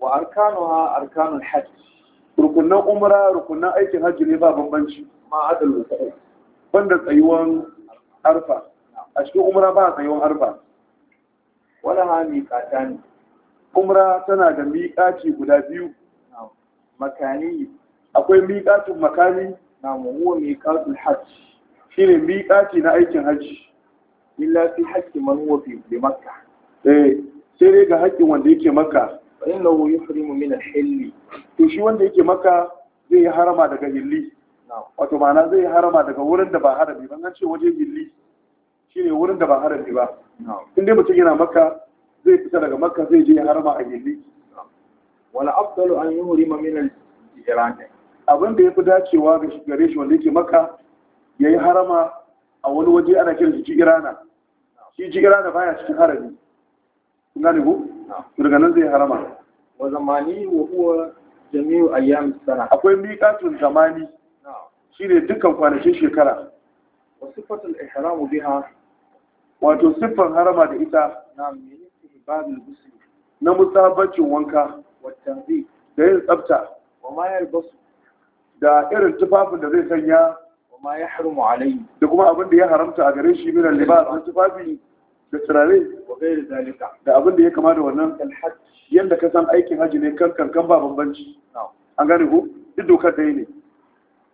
wa arkanuha arkanul hajj rukunan umra rukunan aikin hajji ne ba bambanci ma adal rukunan banda tsayuwan arfa a cikin umra ba tsayuwan arfa wala ha miƙata ne umra tana da miƙaci guda biyu makani akwai miƙacin makani na muhuwa miƙacin hajj shi ne miƙaci na aikin hajji illa fi haƙƙi man huwa fi maka. eh sai dai ga haƙƙi wanda yake maka. fa innahu yuhrimu min al-hilli to shi مكة زي maka zai yi harama daga زي wato ma'ana zai yi harama daga wurin da ba harami ورن دبا ce waje hilli shine wurin da ba harami ba in mutum yana maka zai fita daga makka zai je harama a hilli wala min abin da fi dacewa ga gare shi wanda yake maka yayi harama a wani waje ana kiran shi jigirana shi jigirana baya cikin harami kun gane ku daga nan zai harama wa zamani wa huwa jami'u ayyam sana akwai miqatun zamani shine dukkan kwanakin shekara wa sifatul ihramu biha wato siffan harama da ita na min istihbabul ghusl na musabbancin wanka wa tanzi da yin tsafta wa ma basu. da irin tufafin da zai sanya wa ma yahrumu alai. da kuma abin da ya haramta a gare shi minan libas tufafi da turare da abin da ya kama da wannan yadda ka san aikin haji ne kan kankan ba bambanci an gane ku. duk dokar ɗaya ne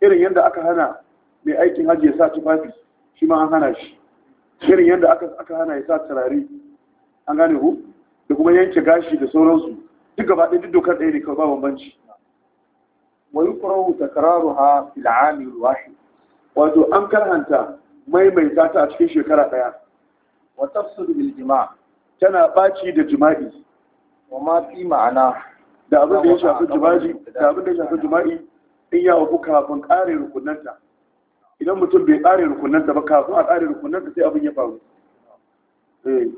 irin yadda aka hana mai aikin haji ya sa tufafi shi ma an hana shi irin yadda aka hana ya sa turare an gane ku. da kuma yanke gashi da sauransu duk gaba ɗaya duk dokar ɗaya ne kan ba bambanci wani yuqra'u ta kararu ha fil'ani wahid wato an karhanta maimaita ta a cikin shekara ɗaya wa tafsiru bil tana baci da jima'i wa ma fi ma'ana da abin da ya shafi jima'i da abin da ya shafi jima'i in ya wafu kafin ƙare rukunanta idan mutum bai ƙare rukunanta ba kafin a ƙare rukunanta sai abin ya faru eh.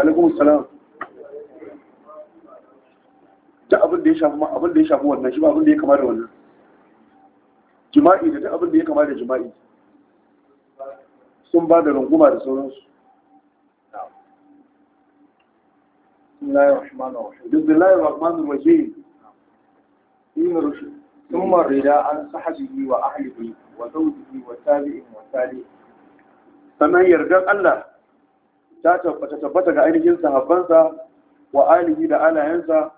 alaikum salam da abin ya shafi wannan shi ba abin ya kama wannan jima'i da ta abin ya kama jima'i sun ba runguma da sauransu ثم الرداء عن صحبه وأهله وزوجه sannan yardar Allah ta tabbata ga ainihin sahabbansa wa ainihi da alayensa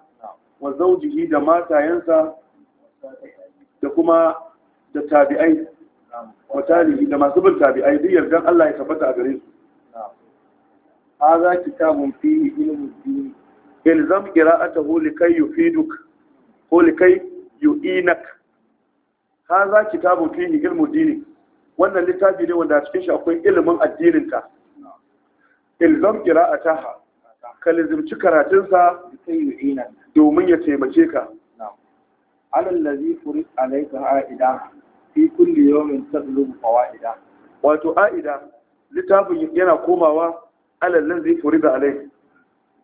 wa zaujihi da matayensa da kuma da tabi'ai wa talihi da masu bin tabi'ai duk yardan Allah ya tabbata a gare su hadha kitabun fihi ilmun din ilzam qira'atahu likay yufiduk ko likay yu'inak hadha kitabun fihi ilmun din wannan littafi ne wanda cikin shi akwai ilimin addinin ka ilzam qira'ataha ka lizimci karatunsa domin ya taimake ka alal ladhi furid alayka aida fi kulli yawmin tadlubu fawaida wato aida littafin yana komawa alal ladhi furid alai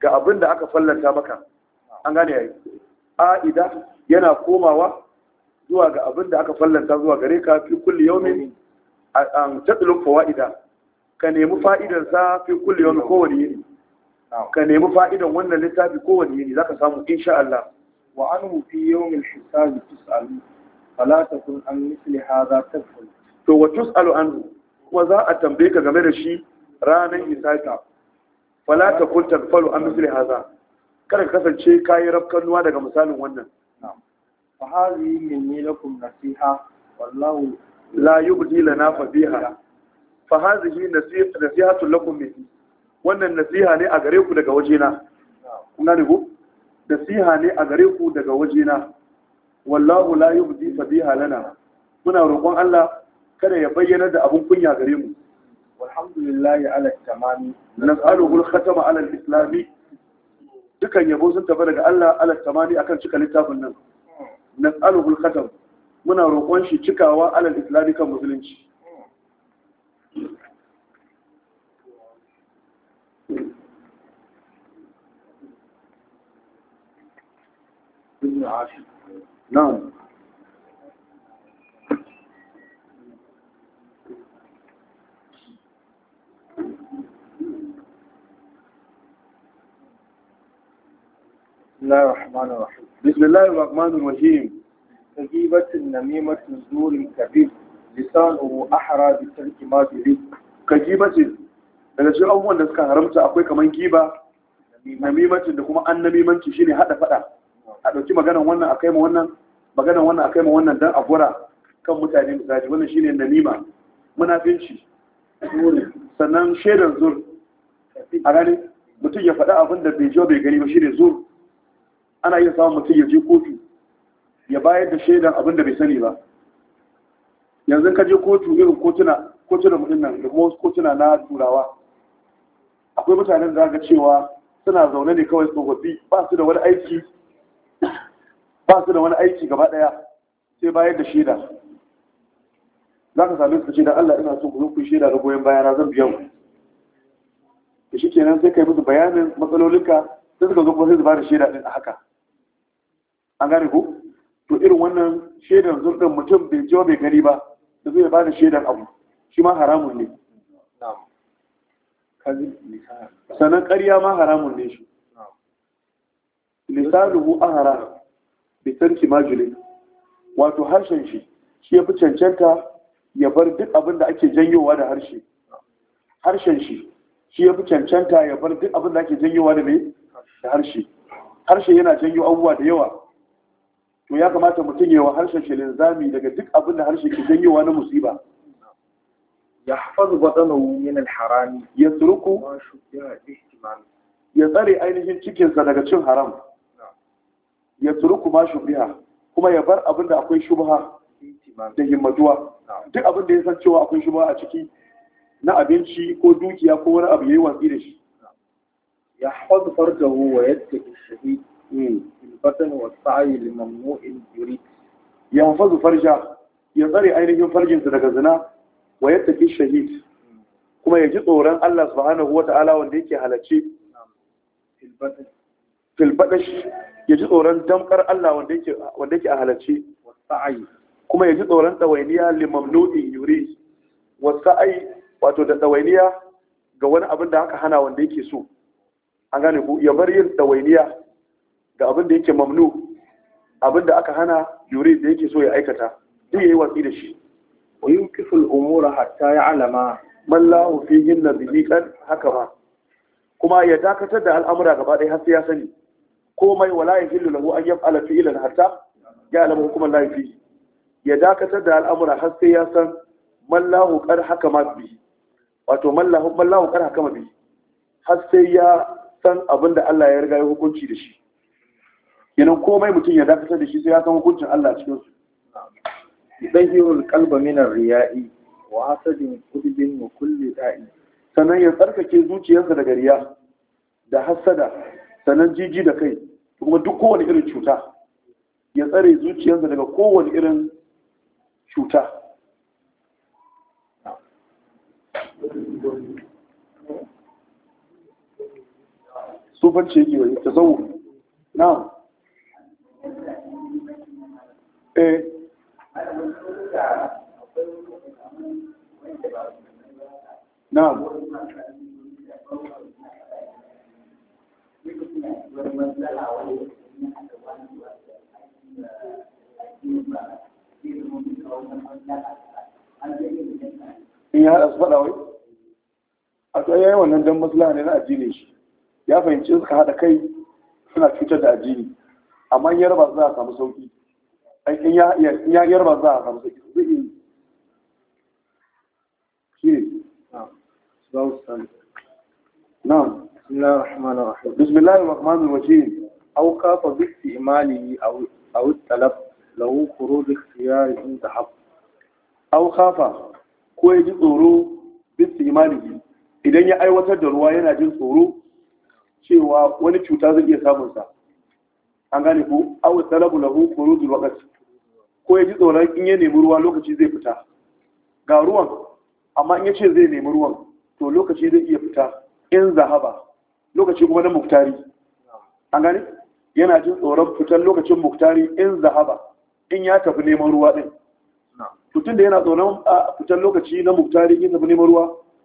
ga abin da aka fallanta maka an gane yayi aida yana komawa zuwa ga abin da aka fallanta zuwa gare ka fi kulli yawmin an tadlubu fawaida ka nemi fa'idansa fi kulle yau kowane yini ka nemi fa'idan wannan littafi kowane yini za ka samu insha Allah wa an fi yawmin hisabi tus'alu fala takun an misli hadha tafal to wa tus'alu anhu kuma za a tambaye ka game da shi ranar hisabi fala takun tagfalu an misli haza. kada ka kasance kayi rafkanuwa daga misalin wannan fa hadhihi minni lakum nasiha wallahu la yubdi lana fadiha fa hazihi nasihatun lakum minni wannan nasiha ne a gare ku daga wajena kun ne ko nasiha ne a gare ku daga wajena wallahu la yubdi fadiha lana muna roƙon Allah kada ya bayyana da abun kunya gare mu walhamdulillahi ala tamami nas'aluhu al-khatama ala al dukan yabo sun tafi daga Allah ala tamami akan cika littafin nan nas'aluhu al-khatam muna roƙon shi cikawa ala al kan musulunci نعم بسم الله الرحمن الرحيم بسم الله الرحمن الرحيم تجيبت النميمة نزول الكبير lisanu ahra bi tarki ma bi ka ce daga cikin abubuwan da suka haramta akwai kamar giba namimacin da kuma an namimanci shine hada fada a dauki maganar wannan akai ma wannan maganar wannan akai ma wannan dan agura kan mutane misali wannan shine namima munafinci sannan shaidan zur a gani mutum ya faɗi abin da bai jiwa bai gani ba shine zur ana iya samun mutum ya je kotu ya bayar da shaidan abin da bai sani ba yanzu ka je kotu irin kotuna kotuna mutum nan da kuma kotuna na turawa akwai mutanen da aka cewa suna zaune ne kawai tsofaffi ba su da wani aiki ba su da wani aiki gaba daya sai bayar da shaida za ka same su ce da Allah ina son ku kuyi shaida da goyon bayana zan biya mu. da shi kenan sai kai musu bayanin matsalolinka sai suka zo kuma sai su bada da shaida din a haka an gane ku to irin wannan shaidar zurɗin mutum bai jiwa bai gani ba da zai ba da shaidan abu shi ma haramun ne sannan ƙarya ma haramun ne shi lisanuhu ahara bitarki majulin wato harshen shi shi ya fi cancanta ya bar duk abin da ake janyowa da harshe harshen shi shi ya fi cancanta ya bar duk abin da ake janyowa da mai da harshe harshe yana janyo abubuwa da yawa to ya kamata mutum yawa harshen shi linzami daga duk abin da harshe ke janyewa na musiba ya hafazu batsanahu wumin alharami ya turku ya tsare ainihin cikinsa daga cin haram ya turku ma shubha kuma ya bar abin da akwai shubha da himmatuwa duk abin da ya san cewa akwai shubha a ciki na abinci ko dukiya ko wani abu ya yi watsi da shi ya hafazu farjahu wa yattaqi shahidi البطن والسعي لممنوع يريد ينفذ فرجه يضري ainihin farjinsa daga zina wa yattaki shahid kuma ya ji tsoron Allah subhanahu wata'ala wanda yake halacce filbaɗash ya ji tsoron damkar Allah wanda yake a halacce kuma ya ji tsoron ɗawainiya limamnu'in yuri wasa'ai wato da ɗawainiya ga wani abin da aka hana wanda yake so an gane ku ya bar yin ɗawainiya da abin da yake mamnu abin da aka hana yurid da yake so ya aikata duk yayi watsi da shi wa yuqifu al-umura hatta ya'lama man la fihi nabihi kan haka ma kuma ya dakatar da al'amura gaba ɗaya har sai ya sani komai wala ya yahillu lahu an yaf'ala fi'lan hatta ya'lama hukuman la fihi ya dakatar da al'amura har sai ya san man la qad ma bi wato man la man la qad hakama bi har sai ya san abinda Allah ya riga ya hukunci da shi kenan komai mutum ya dakatar da shi sai ya san hukuncin Allah cikin su yudahirul qalba min ar-riya'i wa hasadin qulbin wa kulli da'i sannan ya tsarkake zuciyarsa daga riya da hasada sannan jiji da kai kuma duk kowane irin cuta ya tsare zuciyarsa daga kowane irin cuta sufanci yake wani tasawu na'am Eh. in ya haɗa su faɗa wai a to yayin wannan don matsala ne na addinin shi ya fahimci suka haɗa kai suna cutar da addini amma in ya raba za a samu sauƙi in ya girma za a samu sauki zai yi shi ne na'am bismillahir rahmanir rahim aw kafa bi istimali aw talab lahu khuruj ikhtiyar in tahab aw kafa ko ya ji tsoro bi istimali idan ya aiwatar da ruwa yana jin tsoro cewa wani cuta zai iya samun samunsa an gane ku aw talabu lahu khurujul waqt ko yaji tsoron in ya nemi ruwa lokaci zai fita ga ruwan amma in ya ce zai nemi ruwan to lokaci zai iya fita in zahaba lokaci kuma na muktari an gane yana jin tsoron fitar lokacin muktari in zahaba in ya tafi neman ruwa din tutun da yana tsoron a fitar lokaci na muktari in tafi neman ruwa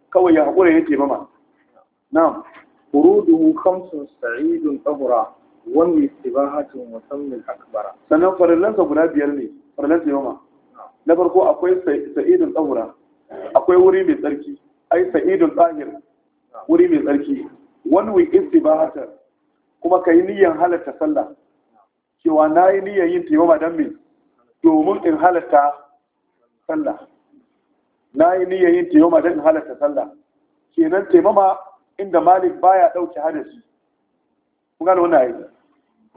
kawai ya haƙura ya taimama na'am urudu khamsun sa'idun tsabura wani istibahatin musammin akbara sannan farillansa guda biyar ne farillansa yoma na farko akwai sa'idun tsahura akwai wuri mai tsarki ai sa'idun tsahir wuri mai tsarki wani wi istibahatan kuma ka yi niyyar halatta sallah cewa na yi niyyar yin taimama don me domin in halatta sallah na yi niyyar yin taimama don in halatta sallah kenan taimama inda malik baya ɗauke hadasi kun gane wannan ayi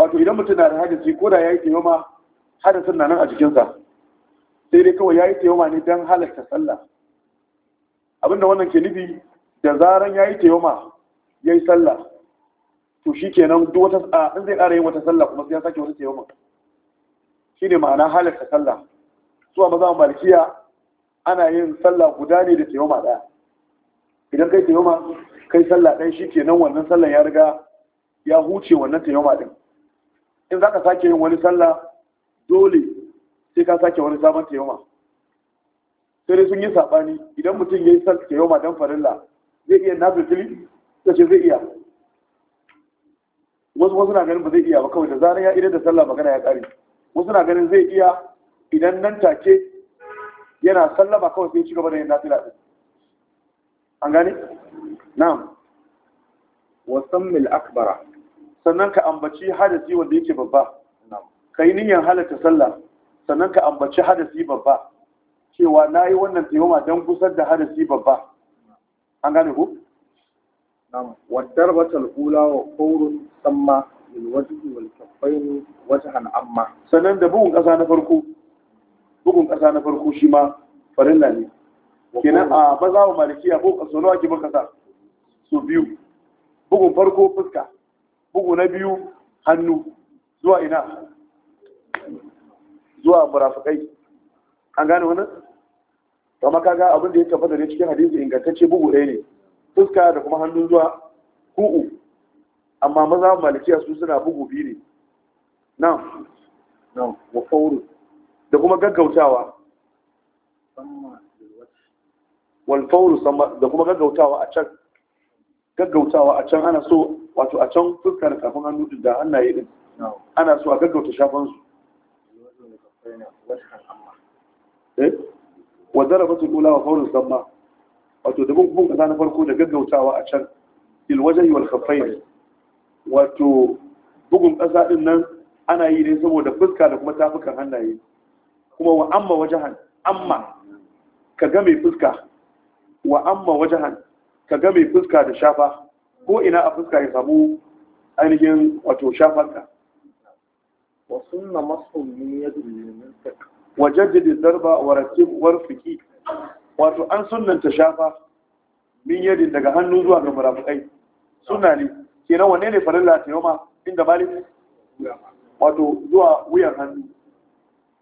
wato idan mutum na da hadisi ko da ya yi taimama hadisin na nan a jikinsa sai dai kawai ya yi taimama ne don halarta sallah abinda wannan ke nufi da zaran ya yi taimama ya yi sallah to shi kenan duk wata a in zai ƙara yin wata sallah kuma sai ya sake wata taimama shi ne ma'ana halarta sallah su a maza malkiya ana yin sallah guda ne da taimama ɗaya idan kai taimama kai sallah ɗaya shi kenan wannan sallah ya riga ya huce wannan taimama ɗin in za ka sake yin wani sallah dole sai ka sake wani sabon taimama sai dai sun yi saɓani idan mutum ya yi sallah taimama don farilla zai iya nafifili ta ce zai iya wasu wasu na ganin ba zai iya ba kawai da zarar ya idan da sallah magana ya ƙare wasu na ganin zai iya idan nan take yana sallah ba kawai sai ci gaba da yin nafila ɗin an gane na'am wasan mil akbara sannan ka ambaci hadasi wanda yake babba ka yi niyyar halatta sallah sannan ka ambaci hadasi babba cewa na yi wannan taimama don kusar da hadasi babba an gane ku? wadar batal ula wa kowrun samma min wajibi ne wata hana amma sannan da bugun ƙasa na farko bugun ƙasa na farko shi ma farilla ne kenan a maza wa malikiya bugun ƙasa nawa ke bugun ƙasa su biyu bugun farko fuska bugu na biyu hannu zuwa ina zuwa murafikai an gane wannan kama kaga abin da ya tabbata ne cikin hadisi ingantacce bugu ɗaya ne fuska da kuma hannu zuwa ku'u amma maza malikiya su suna bugu biyu ne nan nan wa fauru da kuma gaggautawa wal fauru da kuma gaggautawa a can gaggautawa a can ana so wato a can fuska da kafin hannu da hannaye din ana so a gaggauta shafan su eh? wa ba su kula wa faurin samma wato da bugun kasa na farko da gaggautawa a can ilwajen yi walkafai wato bugun kasa din nan ana yi ne saboda fuska da kuma tafukan hannaye kuma wa amma wajahan amma ka ga mai fuska wa amma wajahan ka ga mai fuska da shafa ko ina a fuska ya samu ainihin wato shafanka wasunna masul min yadil mintaq wajaddid wa rattib warfiki wato an sunanta shafa min yadin daga hannu zuwa ga murafukai Suna ne kenan wanne ne farilla ta yoma inda bali wato zuwa wuyan hannu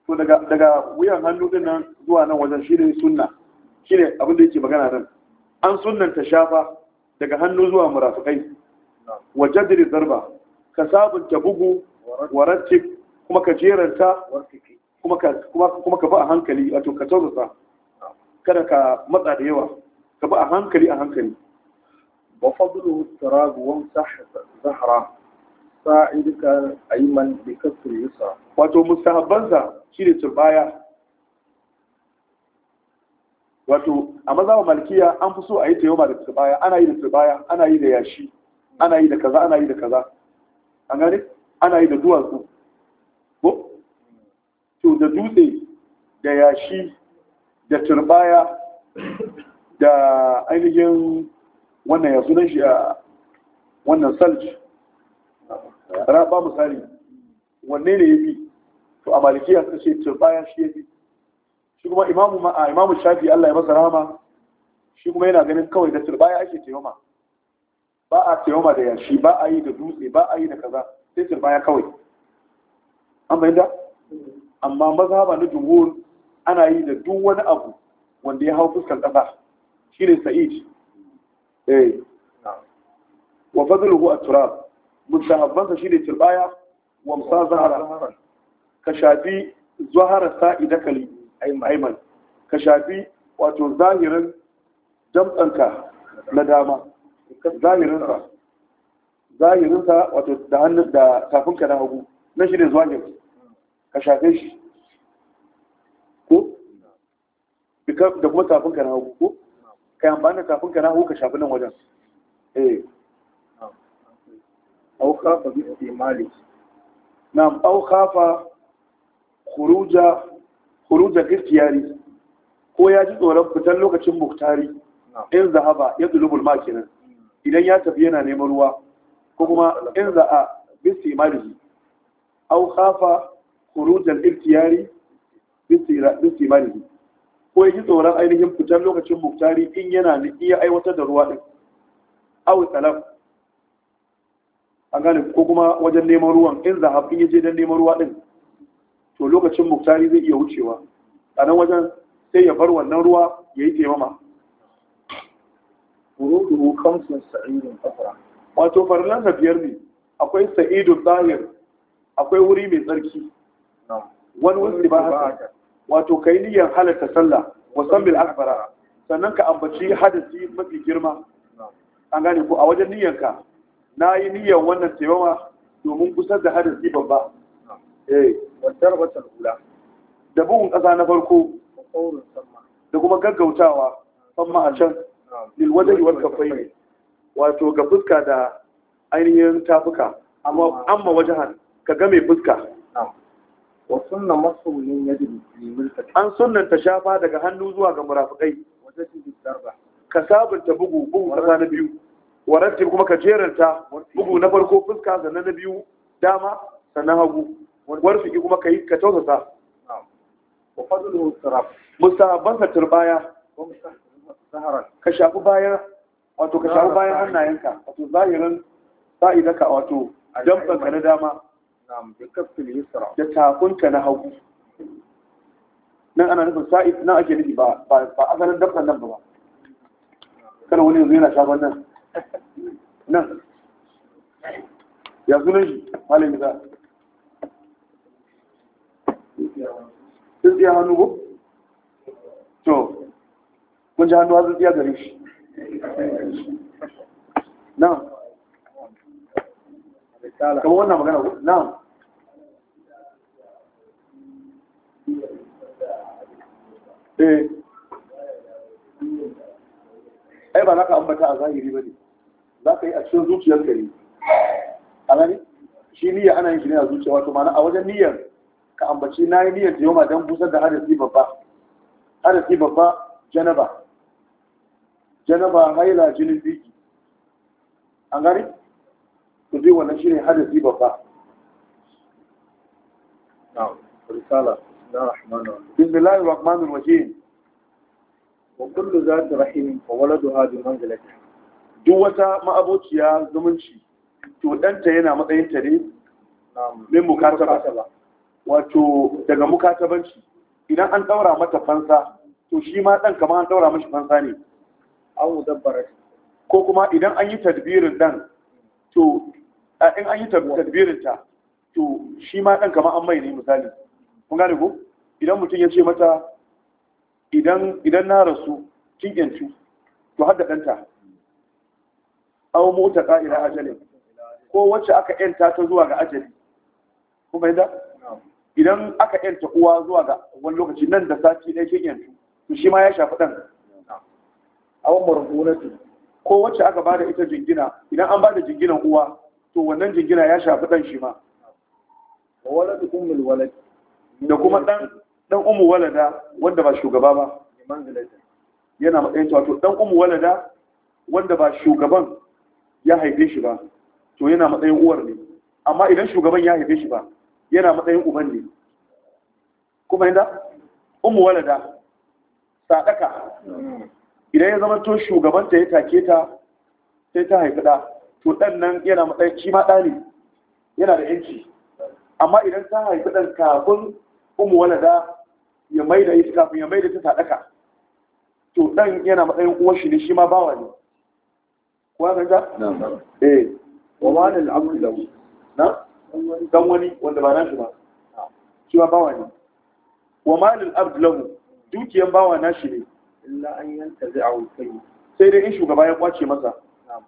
to daga wuyan hannu din nan zuwa nan wajen shi ne sunna shi ne abin da yake magana nan an sunanta shafa daga hannu zuwa murafikai wa jadiri zarba ka sabunta bugu wa rattif kuma ka jeranta kuma ka ba a hankali a ka taurasa kada ka matsa da yawa ka ba a hankali a hankali Ba fadlu tarab wa zahra sa'idka ayman bi kasr yusra wato shi ne turbaya wato a mazhaban malkiya an fi so a yi ta yoma da turbaya ana yi da turbaya ana yi da yashi ana yi da kaza ana yi da kaza an gane ana yi da duwatsu ko to da dutse da yashi da turbaya da ainihin wannan yasu nan shi a wannan salji raba misali wanne ne ya fi to a malkiya suka ce turbaya shi ya fi shi kuma imamu imamu shafi Allah ya masa rahama shi kuma yana ganin kawai da turbaya ake taimama ba a taimama da yashi ba a yi da dutse ba a yi da kaza sai turbaya kawai an bayyana amma mazhaba na jumhur ana yi da duk wani abu wanda ya hau fuskar kasa shine sa'id eh wa fadluhu at-turab mustahabbansa shine turbaya wa musazahara ka shafi zuhara sa'idaka li aiman ka shafi wato zahirin damtsanka na dama zahirinsa zahirinsa wato da hannun da tafinka na hagu na shi ne zahir ka shafe shi ko da kuma tafinka na hagu ko ka yi amfani da tafinka na hagu ka shafi nan wajen eh au kafa bi mali. na au kafa khuruja kurujan ikhtiyari ko ya ji tsoron fitar lokacin muktari in zahaba ya zulubul ma kenan idan ya tafi yana neman ruwa ko kuma in za'a bi marihi au kafa kurujan ikhtiyari bi marihi ko ya ji tsoron ainihin fitar lokacin muktari in yana iya aiwatar da ruwa din au talab an gane ko kuma wajen neman ruwan in zahab in yaje dan neman ruwa din to lokacin muktari zai iya wucewa a nan wajen sai ya bar wannan ruwa ya yi taimama Wato farnan da biyar ne akwai sa'idun zahir akwai wuri mai tsarki wani wasu ba haka wato ka yi niyyar halarta sallah wasan bil akbara sannan ka ambaci hadasi mafi girma an gane ko a wajen niyyarka na yi niyyar wannan taimama domin kusa da hadasi babba eh wadar hula da bugun ƙasa na farko da kuma gaggautawa samma a can lilwajen yiwuwar ne, wato ga fuska da ainihin tafuka amma amma wajahan ka ga mai fuska an sunanta shafa daga hannu zuwa ga murafikai ka sabunta bugu bugu kasa na biyu waratti kuma ka jeranta bugu na farko fuska sannan na biyu dama sannan hagu warfi kuma ka yi ka tausasa wa fadluhu sarab mustahabban ka turbaya ka shafi bayan wato ka shafi bayan hannayenka wato zahirin sa'idaka wato jamfan ka na dama da takunka na hagu nan ana nufin sa'id nan ake nufi ba a asalin dabban nan ba kada wani yanzu yana shafan nan nan ya sunan shi malami za tsintsiya hannu ko? to kun ji hannu a tsintsiya gare shi na kama wannan magana ko? na eh ai ba za ka ambata a zahiri ba ne za ka yi a cikin zuciyar gari a gani shi niyya ana yin shi ne a zuciya wato mana a wajen niyyar ka ambaci na yi niyyar yoma don busar da hadasi babba hadasi babba janaba janaba haila jinin biki an gari ku bi wannan shi ne hadasi babba بسم الله الرحمن الرحيم وكل ذات رحم وولدها بمنزلته دوتا ما ابوتيا زمنشي تو دانتا yana matsayin ta ne min bukatar wato daga mukatabanci idan an daura mata fansa to shi ma dan kamar an daura mashi fansa ne aw dabbara ko kuma idan an yi tadbirin dan to in an yi tadbirin ta to shi ma dan kamar an mai ne misali kun gane ko idan mutum ya ce mata idan idan na rasu kin yancu to hadda danta aw mota qa'ila ajalin ko wacce aka yanta ta zuwa ga ajali kuma yadda idan aka yanta uwa zuwa ga wani lokaci nan da sati ɗaya ke yantu to shi ma ya shafi ɗan awon marhunatu ko wacce aka bada ita jingina idan an bada jinginan uwa to wannan jingina ya shafi ɗan shi ma ummul walad da kuma ɗan ɗan ummu walada wanda ba shugaba ba yana matsayin eh, wato ɗan ummu walada wanda ba shugaban ya haife shi ba to yana matsayin uwar ne amma idan shugaban ya haife shi ba yana matsayin uban ne kuma inda umu walada sadaka idan ya zama to shugabanta ya take ta sai ta haifi da to dan nan yana matsayin shi ma ne, yana da yanci amma idan ta haifi dan kafin umu walada ya mai da ita kafin ya mai da ta sadaka to dan yana matsayin uwar shi ne shi ma bawa ne kuwa ganta? eh wa walil amru lau na? dan wani wanda ba nashi ba ah, shi ba bawa ne wa malil abd lahu dukiyan bawa nashi ne illa an yantazi'u kai sai dai in shugaba ya kwace masa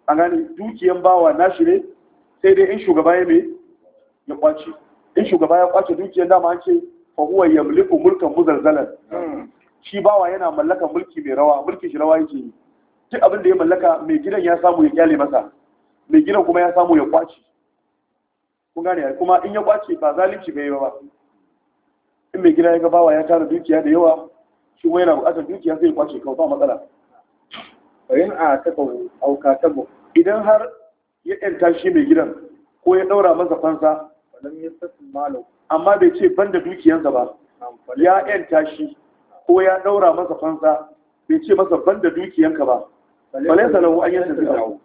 an gane dukiyan bawa nashi ne sai dai in shugaba ya me ya kwace in shugaba ya kwace dukiyan dama an ce fa huwa yamliku mulkan muzalzalan hmm. shi bawa yana mallakan mulki mai rawa mulki shi rawa yake duk abin da ya mallaka mai gidan ya samu ya kyale masa mai gidan kuma ya samu ya kwace kun gane kuma in ya kwace ba zalunci bai yi ba in mai gida ya ga bawa ya tara dukiya da yawa shi wai yana bukatar dukiya zai kwace kawai ba matsala bayan a taka auka tabo idan har ya yanta shi mai gidan ko ya ɗaura masa fansa amma bai ce ban da dukiyansa ba ya yanta shi ko ya ɗaura masa fansa bai ce masa ban da dukiyanka ba balai lahu an yanta zai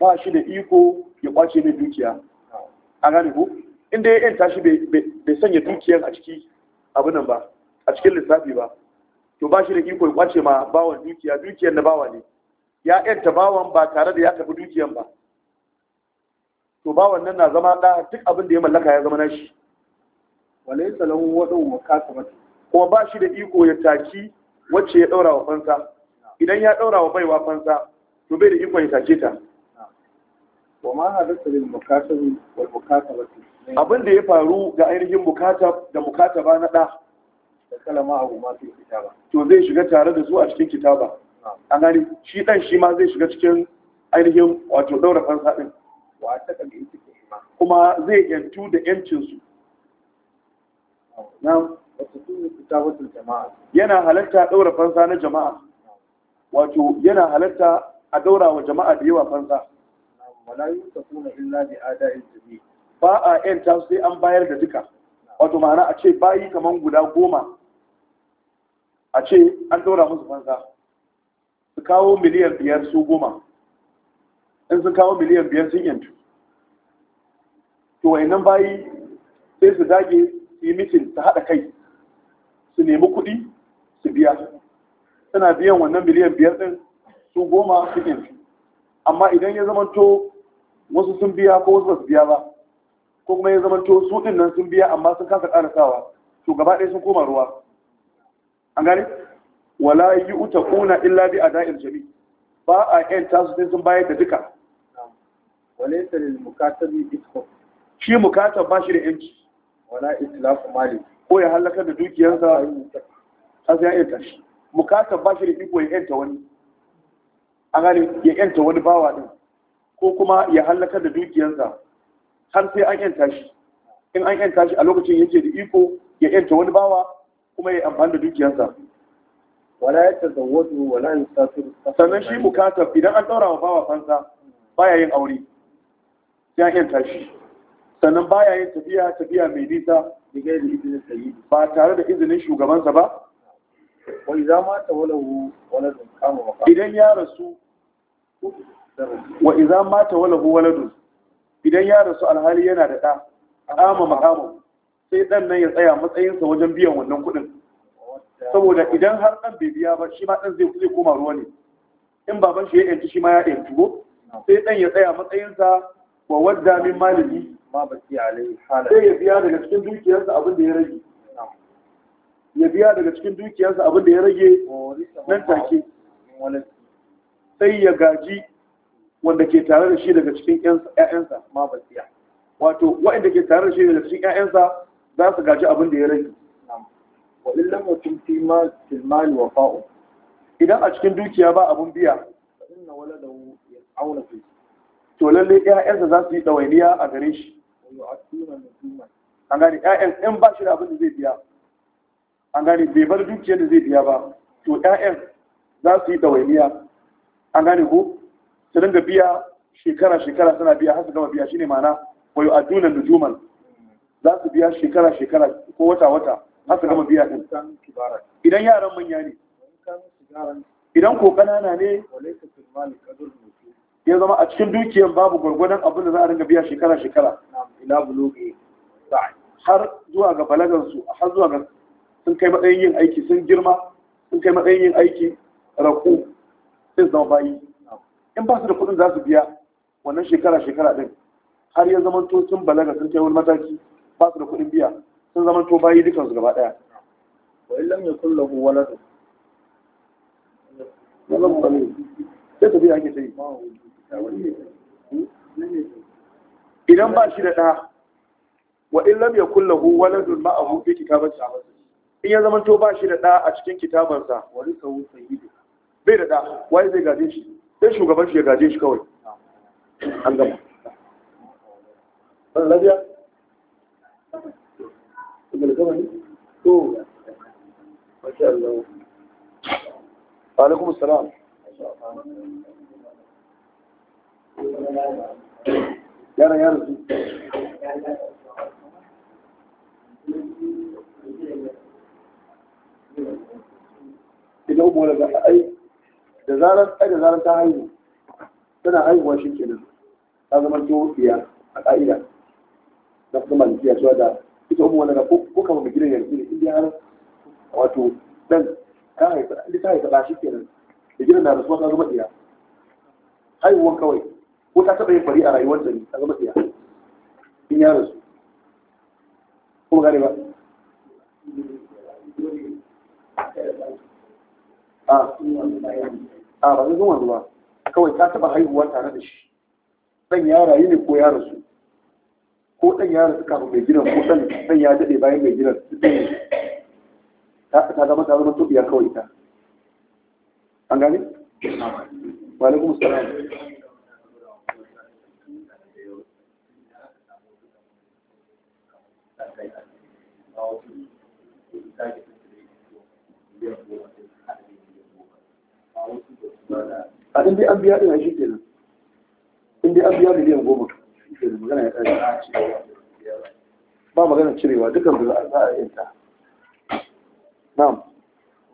ba shi da iko ya kwace mai dukiya A gane inda ya yanta tashi bai sanya dukiyar a ciki abin nan ba a cikin lissafi ba to ba shi da iko ya kwace ma bawan dukiya dukiyar na bawa ne ya yanta bawan ba tare da ya tafi dukiyar ba to bawan nan na zama da duk abin da ya mallaka ya zama nashi wale salon wadon wa mata kuma ba shi da iko ya taki wacce ya daura wa fansa idan ya daura wa baiwa fansa to bai da iko ya take ta abin da ya faru ga ainihin bukatab da ba na ɗa da kalama abu ma fi kitaba to zai shiga tare da su a cikin kitaba A gani shi ɗan shi ma zai shiga cikin ainihin wato ɗaura fansa ɗin kuma zai yantu da yancinsu yana halatta ɗaura fansa na jama'a wato yana halatta a ɗaura wa jama'a da yawa fansa wala yuntaquna illa bi ada'il jami ba a ta sai an bayar da duka wato ma'ana a ce bayi kaman guda goma a ce an ɗora musu fansa su kawo miliyan biyar su goma in sun kawo miliyan biyar sun yantu to wayannan bayi sai su dage su yi mitin su haɗa kai su nemi kuɗi su biya suna biyan wannan miliyan biyar ɗin su goma su yantu amma idan ya zama to wasu sun biya ko wasu basu biya ba ko kuma ya zama to su din nan sun biya amma sun kasa karasawa to gaba ɗaya sun koma ruwa an gane wala kuna illa bi ada'il jami ba a yan tasu sai sun bayar da duka walaysa lil mukatabi itqu shi mukatab ba shi da yanci wala itlafu mali ko ya halaka da dukiyarsa sai ya yanta shi mukatab ba shi da iko ya yanta wani an gane ya yanta wani bawa din ko kuma ya halakar da dukiyarsa har sai an yanta shi in an yanta shi a lokacin yake da iko ya yanta wani bawa kuma ya amfani da dukiyarsa wala ya tazawwaju wala yusafir sannan shi bukatar idan an daura wa bawa fansa baya yin aure sai an yanta shi sannan baya yin tafiya tafiya mai nisa ba tare da izinin shugabansa ba Wani za ma ta walahu wala kama idan ya rasu wa iza mata walahu waladun idan ya rasu alhali yana da ɗa kama makamu sai ɗan nan ya tsaya matsayinsa wajen biyan wannan kuɗin saboda idan har ɗan bai biya ba shi ma ɗan zai koma ruwa ne in baban shi ya yanci shi ma ya yanci go sai ɗan ya tsaya matsayinsa wa wadda min malami sai ya biya daga cikin dukiyarsa abin da ya rage ya biya daga cikin dukiyarsa abin da ya rage nan take sai ya gaji wanda ke tare da shi daga cikin ƴaƴansa ma basiya wato waɗanda ke tare da shi daga cikin ƴaƴansa za su gaji abin da ya rage wa in lam yakun fi mal fil mal wafa'u idan a cikin dukiya ba abun biya inna waladahu yas'auna fi to lalle ƴaƴansa za su yi dawainiya a gare shi an gane ƴaƴan in ba shi da abin da zai biya an gane bai bar dukiyar da zai biya ba to ƴaƴan za su yi dawainiya an gane ko su dinga biya shekara shekara suna biya har su gama biya shine ma'ana wa yu'adduna nujuman za su biya shekara shekara ko wata wata har su gama biya din idan yaran manya ne idan ko kanana ne ya zama a cikin dukiyar babu gwargwadon abin da za a dinga biya shekara shekara har zuwa ga balagansu har zuwa ga sun kai matsayin yin aiki sun girma sun kai matsayin yin aiki raku sai zama bayi in ba su da kuɗin za su biya wannan shekara shekara din har ya zama to sun balaga sun kai wani mataki ba su da kuɗin biya sun zama to bayi dukan su gaba daya wa illam yakul lahu walad zama qalil sai tafiya ake ta yi idan ba shi da d'a, wa in yakul lahu waladun ma'ahu fi kitabati in ya zama to ba shi da d'a a cikin kitabansa wani sawu sayyidu bai da d'a. wai zai gaje shi sai shugaban shi ya gaje shi kawai an gama ɗan lafiya عليكم السلام يانا يانا إذا أبو لك أي da zarar ai da zarar ta haihu tana haihuwa shi nan ta zama tofiya a ƙa'ida na kuma malikiya cewa da ita umu wani ko ko kama mai gidan yanzu ne inda har wato dan ta haifa ta haifa da shi kenan da gidan na rasuwa ta zama iya haihuwan kawai ko ta taɓa yin fari a rayuwarta ne ta zama iya in ya rasu kuma gane ba a ah. a ba zai zama ruwa kawai ta taɓa haihuwa tare da shi ɗan ya rayu ne ko ya rasu ko ɗan ya rasu kafin mai gidan ko ɗan ya daɗe bayan mai gidan ta zama ta zama tuɓiya kawai ta an gane? wa salam Thank you. a ɗin an biya ɗin a shi kenan in an biya miliyan goma shi kenan magana ya ɗaya ba magana cirewa dukkan da za a yanta na'am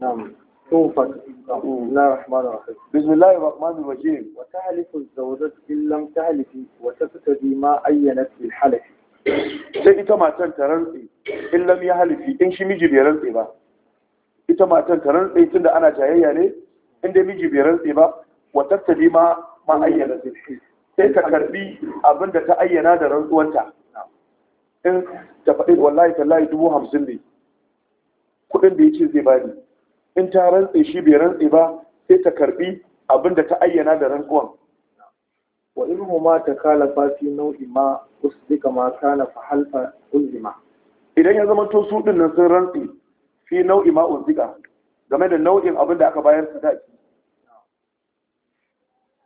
na'am توفت بسم الله الرحمن الرحيم بسم الله الرحمن الرحيم وتحلف الزوجة إن لم تحلف ma ما عينت بالحلف sai ita matan ta rantse in ya halifi in shi miji bai rantsi ba ita matan ta rantse tunda ana jayayya ne inda miji bai rantse ba wa tattali ma ma ayyana sai ka karbi abin da ta ayyana da rantsuwanta in ta faɗi wallahi tallahi dubu hamsin ne kuɗin da ya ce zai bani in ta rantse shi bai rantse ba sai ta karbi abin da ta ayyana da rantsuwan wa in ma ta kala fasi nau'i ma wasu duka ma kala fa halfa ulzima idan ya zama to su ɗin nan sun rantsi fi nau'i ma usdika game da nau'in abin da aka bayar su da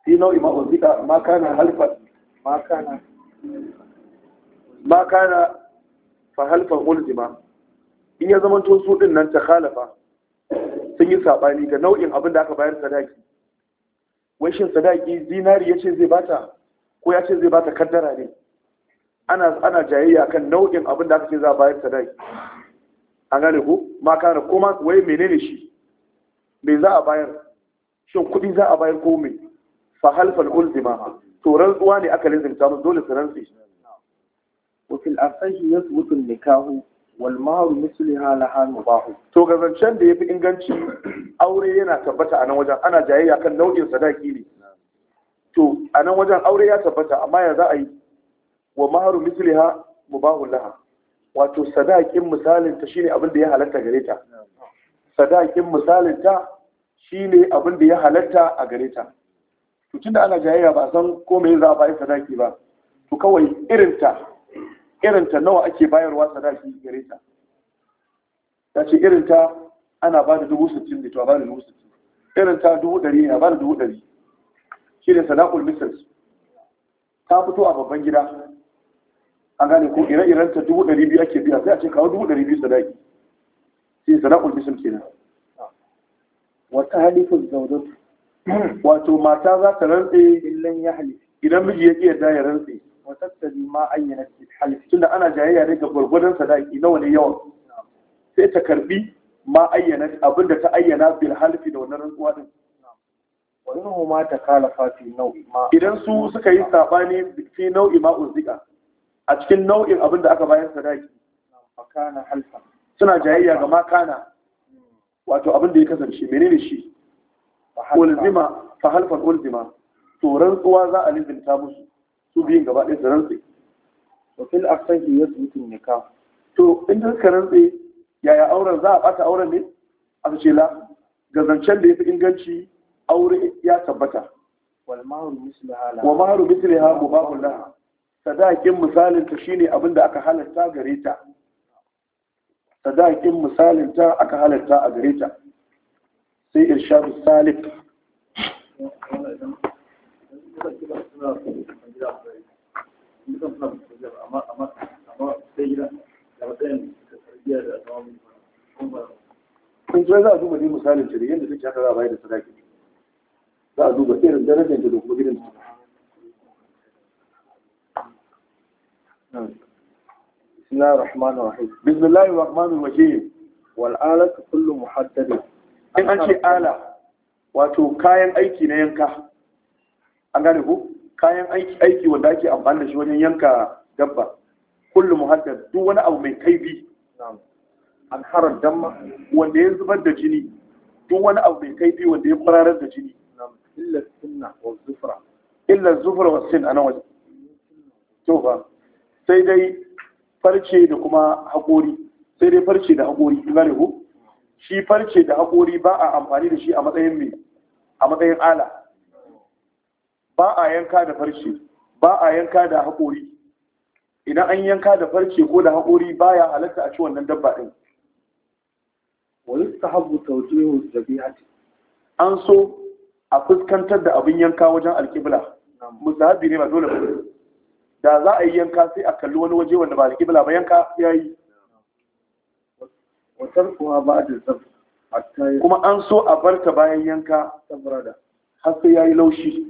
fi nau'i ma uzika ma kana halfa ma kana ma kana fa halifar ulzima in ya zama to su din nan ta khalafa sun yi saɓani ga nau'in abin da aka bayar sadaki wai shin sadaki zinari ya ce zai bata ko ya ce zai bata kaddara ne ana ana jayayya kan nau'in abin da aka ce za a bayar sadaki an gane ko ma kana kuma wai menene shi me za a bayar shin kuɗi za a bayar ko me fa halfal ulzima to rantsuwa ne aka lizimta mu, dole su rantsi wa fil asahi yathbutu nikahu wal mahru la laha mubahu to ga zancen da yafi inganci aure yana tabbata a nan wajen ana jayayya kan nau'in sadaki ne to a nan wajen aure ya tabbata amma ya za a yi wa mahru mithliha mubahu laha wato sadakin misalin ta shine abin da ya halatta gare ta sadakin misalinta shi ne abin da ya halatta a gare ta tutun da ana jayayya ba san ko mai za a bayan sadaki ba to kawai irinta irinta nawa ake bayarwa sadaki gare ta ta ce irinta ana ba da dubu sittin da tuwa ba da dubu sittin irinta dubu dari ne a ba da dubu dari shi ne sadakul misal ta fito a babban gida an gane ko ire-irenta dubu dari biyu ake biya sai a ce kawo dubu dari biyu sadaki shi sana'ul bisim kenan wata halifin zaudatu wato mata za ta rantse illan ya halifi idan miji ya yarda ya rantse wata tabi ma ayyana ki halifi tunda ana jayayya ne ga gwargwadon sadaki nawa ne yawan sai ta karbi ma ayyana abinda ta ayyana bil halifi da wannan rantsuwa din wani huma ta kalafa fi nau'i idan su suka yi sabani fi nau'i ma uzika a cikin nau'in abinda aka bayar sadaki fakana halfa suna jayayya ga makana wato abin da ya kasance menene shi ulzima fa halfan ulzima to rantsuwa za a lizinta musu su biyin gaba ɗaya su rantsi to fil mutum yasbutu nikah to in suka rantsi yaya auren za a bata auren ne aka ce la ga zancen da ya fi inganci aure ya tabbata wal maharu misliha babu laha sadakin misalin ta shine abin da aka halatta gare ta sadakin misalinta aka halatta a gare ta sai irshadu salif kun za a duba ne misalin ta yadda take haka za a bayar da sadaki za a duba irin darajar da kuma gidan ta بسم الله الرحمن الرحيم بسم الله الرحمن الرحيم والآلة كل محددة in an ce ala wato kayan aiki na yanka an gane ku kayan aiki aiki wanda ake amfani da shi wajen yanka dabba kullum muhaddad duk wani abu mai kaifi an harar damma wanda ya zubar da jini duk wani abu mai kaifi wanda ya kwararar da jini illa sunna wa zufra illa zufra wa sin ana wajen to fa sai dai farce da kuma haƙori sai dai farce da haƙori kun gane ko shi farce da haƙori ba a amfani da shi a matsayin mai a matsayin ala ba a yanka da farce ba a yanka da haƙori idan an yanka da farce ko da haƙori ba ya halatta a ci wannan dabba ɗin wani an so a fuskantar da abin yanka wajen alƙibla haɗi ne ba dole ba da za a yi yanka sai a kalli wani waje wanda ba da kibla ba yanka ya yi kuma an so a barta bayan yanka har sai ya yi laushi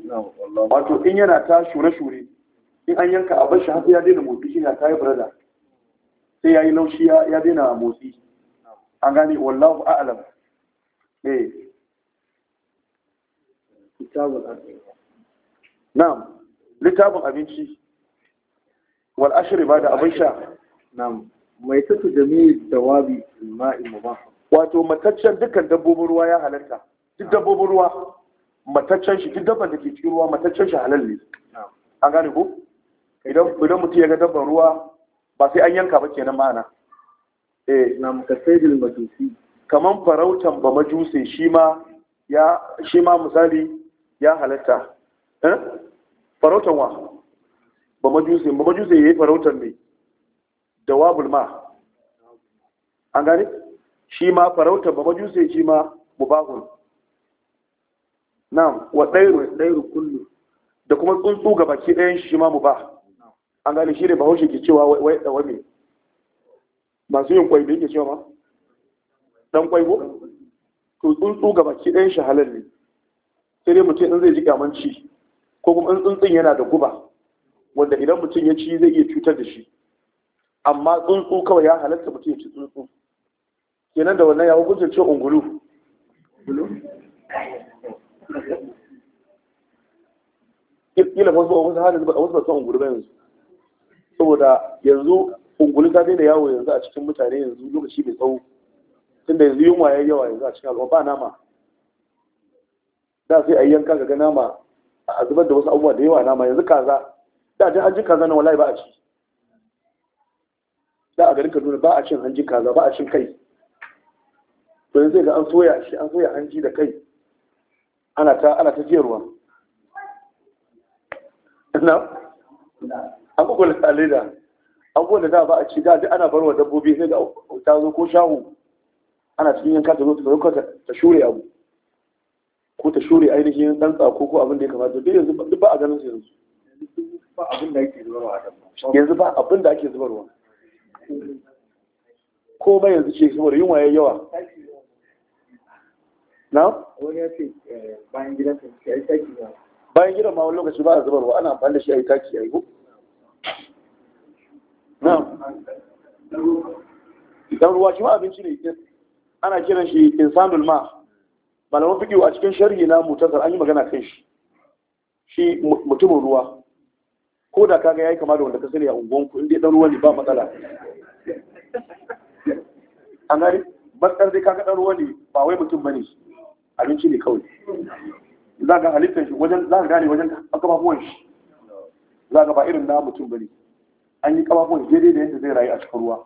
wato in yana ta shure-shure in an yanka a bashi har sai ya daina motsi shi na ta yi burada sai ya yi laushi ya daina motsi an gane wallahu a'alam eh na'am littafin abinci wal ashriba da abin sha na'am mai tatu jami'i dawabi ma'i mubah wato mataccen dukkan dabbobin ruwa ya halarta duk dabbobin ruwa mataccen shi duk dabban da ke cikin ruwa mataccen shi halal ne gane ko idan mutum ya ga dabban ruwa ba sai an yanka ba kenan ma'ana eh na mukasaidil majusi kaman farautan ba majuse shi misali ya halatta eh? farautan wa ba majuse ba majuse yayi farautar me wabul ma an gane shi ma farautar ba majuse shi ma mubahun na'am wa dairu dairu kullu da kuma tsuntsu ga baki ɗayan shi ma mubah an gane shi ne bahaushe ke cewa wai dawa me masu yin kwai me yake cewa ma dan kwai ko to tsuntsu ga baki ɗayan shi halal ne sai dai mutum in zai ji kamanci ko kuma in tsuntsun yana da guba wanda idan mutum ya ci zai iya cutar da shi amma tsuntsu kawai ya halatta mutum ya ci tsuntsu kenan da wannan ya hukunta ce ungulu kila wasu a wasu halin a wasu ba ungulu ba yanzu saboda yanzu ungulu ta daina yawo yanzu a cikin mutane yanzu lokaci mai tsawo tunda yanzu yunwa ya yawa yanzu a cikin al'umma ba nama da sai a yanka ga nama a zubar da wasu abubuwa da yawa nama yanzu kaza da jin hanjin kaza na wallahi ba a ci da a garin Kaduna ba a cin hanji kaza ba a cin kai to yanzu ga an soya shi an soya hanji da kai ana ta ana ta jiyarwa na an ku kula tsalle da an da da ba a ci da ana barwa dabbobi sai da ta zo ko shahu ana cikin yanka da zuwa ta ta shure abu ko ta shure ainihin dan tsako ko abin da ya kamata duk yanzu duk ba a ganin su yanzu yanzu ba abin da ake zubarwa ko ba yanzu ce saboda yunwa ya yawa na wani ya ce eh, bayan gidan ya yi taki bayan gidan ma wani lokaci ba a zubarwa ana amfani da shi a yi taki ya yi na dan ruwa shi ma abinci ne eh, ana kiran shi insanul ma malaman fiƙiwa a cikin shari'i na mutasar an yi magana kan shi shi mutumin ruwa ko da kaga yayi kama da wanda ka sani a unguwanku in dai dan ruwa ne ba matsala an gari matsar dai kaga dan ruwa ne ba wai mutum bane abinci ne kawai za ga halittar shi wajen za ka gane wajen kafafuwan shi za ka ba irin na mutum bane an yi kafafuwan shi daidai da yadda zai rayu a cikin ruwa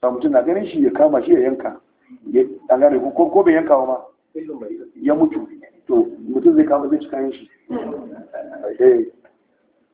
ba mutum na ganin shi ya kama shi ya yanka an gane ko ko bai yanka ba ya mutu to mutum zai kama zai cika yin shi eh.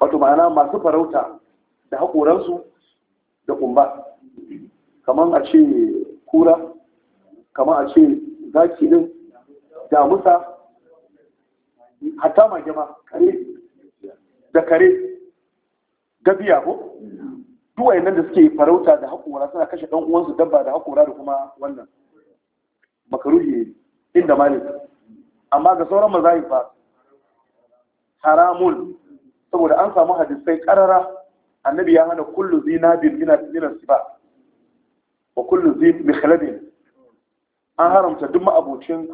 wato ma'ana masu farauta da haƙoransu da ƙumba kamar a ce kura kamar a ce zaki ɗin damusa hatta ma kare da kare gabiya ko duwaye nan da suke farauta da haƙora suna kashe ɗan uwansu dabba da haƙora da kuma wannan makaruhi inda malin amma ga sauran mazahifa haramun saboda an samu hadisai karara annabi ya hana kullu zinabin zina tsinan ba wa kullu zin bikhlabin an haramta duk ma'abocin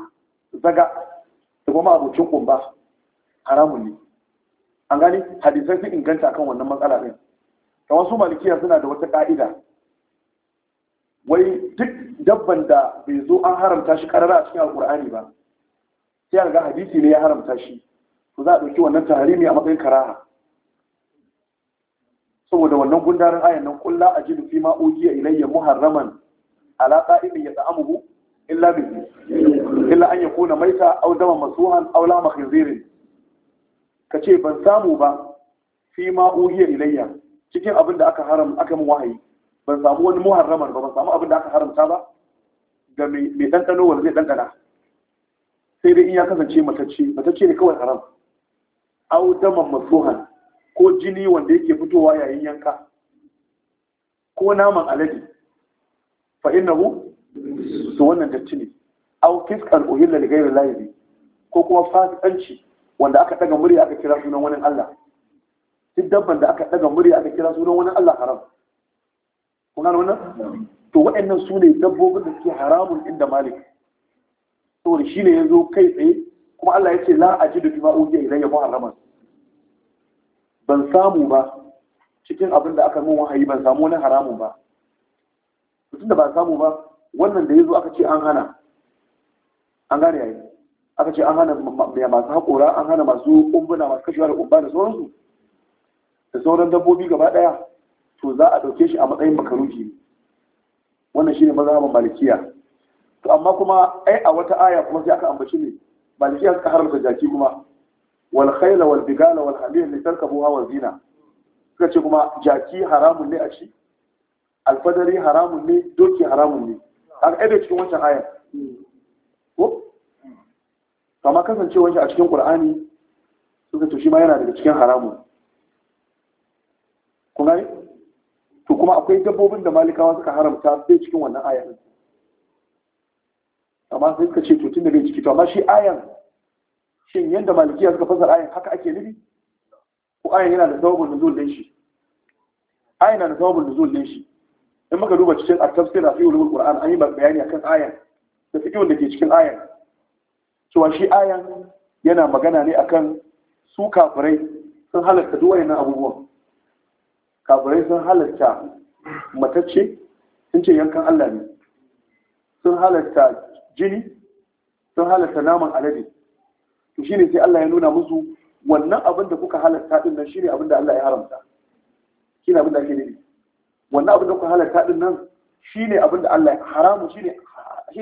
zaga da kuma abocin kumba haramun ne an gani hadisai sun inganta akan wannan matsala din da wasu malikiya suna da wata ka'ida wai duk dabban da bai zo an haramta shi karara a cikin alkur'ani ba sai a ga hadisi ne ya haramta shi to za a ɗauki wannan tarihi a matsayin karaha saboda wannan gundarin ayan nan kulla ajidu fi ma ujiya ilayya muharraman ala qa'imin yata'amuhu illa bihi illa an yakuna maita aw dama masuhan aw lahma khinzirin kace ban samu ba fi ma ujiya ilayya cikin abin da aka haram aka mu wahayi ban samu wani muharraman ba ban samu abin da aka haramta ba ga mai ɗanɗano wanda zai ɗanɗana sai dai in ya kasance matacce matacce ne kawai haram aw dama masuhan ko jini wanda yake fitowa yayin yanka ko naman alade fa innahu to wannan datti ne aw fiskan uhilla li ghayri lahi ko kuma fasikanci wanda aka daga murya aka kira sunan wani Allah duk dabban da aka daga murya aka kira sunan wani Allah haram kun gano wannan to waɗannan su ne dabbobin da suke haramun inda malik shi ne yanzu kai tsaye kuma Allah ya ce la ajidu bima uhiya ilayya muharraman ban samu ba cikin abin da aka min wahayi ban samu wani haramun ba mutum da ba samu ba wannan da ya zo aka ce an hana an gane yayi aka ce an hana masu haƙora an hana masu ƙumbuna masu kashewa da ƙumba da sauransu da sauran dabbobi gaba ɗaya to za a ɗauke shi a matsayin makaruki wannan shine mazhaban malikiya to amma kuma ai a wata aya kuma sai aka ambaci ne malikiya suka haramta jaki kuma wal khayla wal bigala wal hamir li tarkabuha wa zina suka ce kuma jaki haramun ne a ci alfadari haramun ne doki haramun ne har ɗaya cikin wancan ayan ko kama kasancewar shi a cikin qur'ani suka ce shi ma yana daga cikin haramun kuma to kuma akwai dabbobin da malikawa suka haramta sai cikin wannan ayan amma sai suka ce to tun da bai ciki to amma shi ayan shin yadda malikiya suka fasar ayin haka ake nufi ko ayin yana da sababin nuzul din shi ayin na da sababin nuzul din shi in muka duba cikin at-tafsir fi ulumul qur'an an yi bayani akan ayan da fiqhun wanda ke cikin ayan cewa shi ayan yana magana ne akan su kafirai sun halarta duk wayannan abubuwan kafirai sun halarta matacce sun ce yankan Allah ne sun halarta jini sun halarta naman alade shi shine sai Allah ya nuna musu wannan abin da kuka halatta ɗin nan shine abin da Allah ya haramta ne abin da ake nufi wannan abin da kuka halatta ɗin nan shine abin da Allah ya haramu shine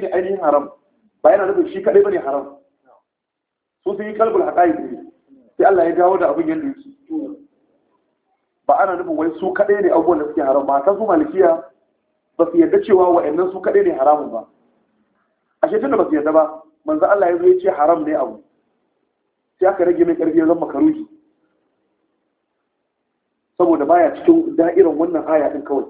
ne ainihin haram ba yana nufin shi kadai bane haram Sun sai yi kalbul haqaiq ne sai Allah ya dawo da abin yadda yake ba ana nufin wai su kadai ne abubuwan da suke haram ba ta su malikiya ba su yarda cewa wa'annan su kadai ne haramun ba ashe da ba su yarda ba manzo Allah ya zo ya ce haram ne abu sai aka rage mai ƙarfi zan makaruhi saboda baya cikin da'irin wannan aya din kawai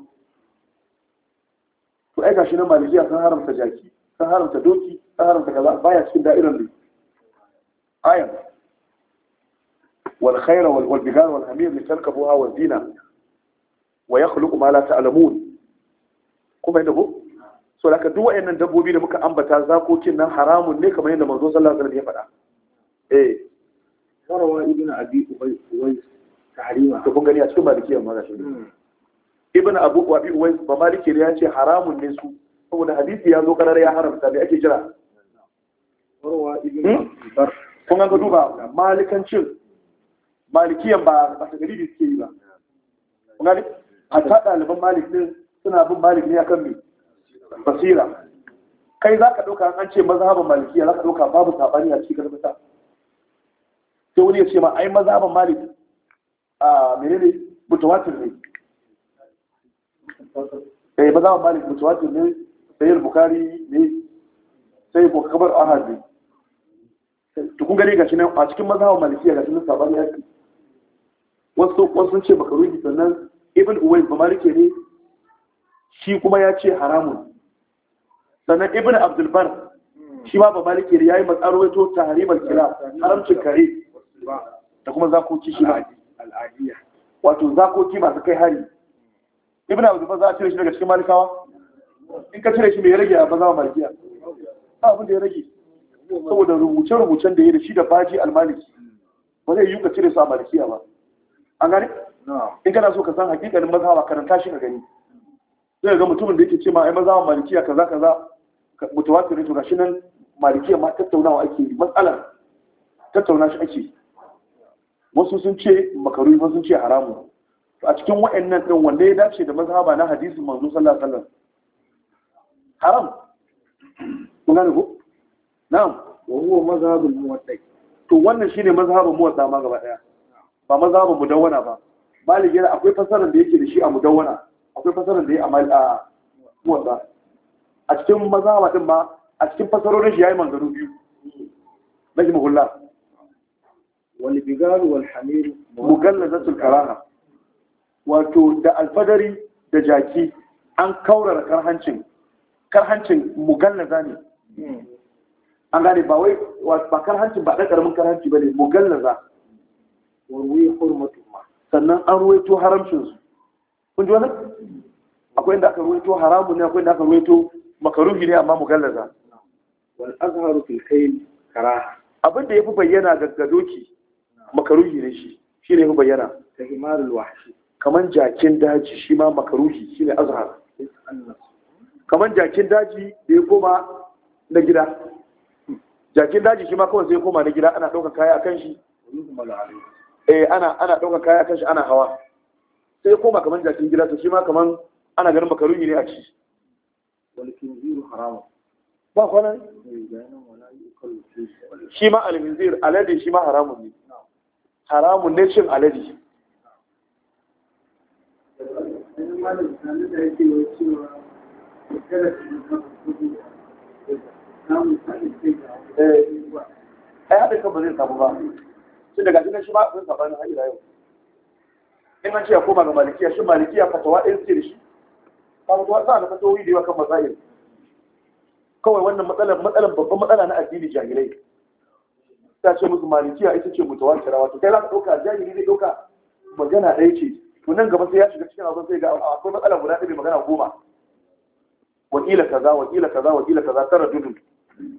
to ai gashi na malikiya sun haramta jaki sun haramta doki sun haramta kaza baya cikin da'irin ne ayan wal khayra wal bigar wal hamir li tarkabuha wa zina wa yakhluqu ma la ta'lamun kuma yadda ko so da duk wayannan dabbobi da muka ambata zakokin nan haramun ne kamar yadda manzo sallallahu alaihi wasallam ya faɗa eh وروى ابن أبي أويس تحريما تكون غني أشكو مالكية ما ابن أبو أبي أويس بمالكي ريانشي حرام النسو saboda hadisi ya zo karar ya haramta da ake jira hmm? kun ga duba malikancin malikiyan ba ba ta gari suke yi ba kun ga hatta ɗaliban malik din suna bin malik ne akan me basira kai zaka dauka an ce mazhaban malikiya zaka dauka babu sabani a cikin karfata sai wani ya ce ma ai mazhaban malik a menene mutawatir ne maza eh, mazhaban malik mutawatir ne sai bukari bukhari ne sai ko kabar ahad ne to kun gare gashi nan a cikin mazhaban malikiya gashi nan sabani yake wasu wasu sun ce makaruhi sannan ibn uwais ba malike ne shi kuma ya ce haramun sannan ibn abdulbar shi ma ba malike ne yayi ta haribar kila haramcin kare da kuma zakoki shi ba al'adiyya wato zakoki masu kai hari ibn abu zubar za a cire shi daga cikin malikawa in ka cire shi mai rage a baza malikiya ba abin da ya rage saboda rubuce-rubucen da ya da shi da baji almaliki ba zai yi ka cire su a malikiya ba an gani in kana so ka san hakikanin mazhaba karanta shi ka gani zai ga mutumin da yake ce ma ai mazhaba malikiya kaza kaza mutawatir to gashi nan malikiya ma tattaunawa ake yi matsalar tattauna shi ake wasu sun ce makaru wasu sun ce haramu to a cikin wa'annan din wanda ya dace da mazhaba na hadisin manzo sallallahu alaihi wasallam haram kun gane ko na'am wa huwa mazhabul muwaddi to wannan shine mazhabul muwadda ma gaba daya ba mazhabul mudawwana ba malik akwai fasarar da yake da shi a mudawwana akwai fasarar da yake a malik a muwadda a cikin mazhaba din ba a cikin fasarorin shi yayi manzaro biyu najmuhullah wal bigal wal hamir mugallazatul karaha wato da alfadari da jaki an kaurara karhancin karhancin mugallaza ne hmm. an gane ba wai ba karhancin ba ɗan ƙaramin karhanci ba ne mugallaza warwai hurmatu ma sannan an ruwaito haramcinsu kun ji wani akwai inda aka ruwaito haramun ne akwai inda aka ruwaito makaruhi ne amma mugallaza wal azharu fil khayl karaha abin da yafi bayyana ga doki makaruhi ne shi shi ne bayyana ta kaman jakin daji shi ma makaruhi shi ne azhar kaman jakin daji da ya koma na gida jakin daji shi ma kawai sai ya koma na gida ana ɗaukar kaya a shi eh ana ana ɗaukar kaya a shi ana hawa sai ya koma kaman jakin gida to shi ma kaman ana ganin makaruhi ne a ci ba kwanan shi ma alminzir alade shi ma haramun ne haramun ne cin alade eh, ai haɗe kan ba zai samu ba shi daga cikin shi ba zai samu na hanyar yau in an ce ya koma ga malikiya shi malikiya fatawa ɗin ce da shi ba fatawa sa na fatawoyi da yawa kan masail kawai wannan matsalar babban matsala na addini jahilai ta ce musu malikiya ita ce mutawatira wato kai za ka ɗauka jahili zai ɗauka magana ɗaya ce to nan gaba sai ya shiga cikin abin sai ga akwai matsala guda ɗaya magana goma wakila kaza wakila kaza wakila kaza tara dudu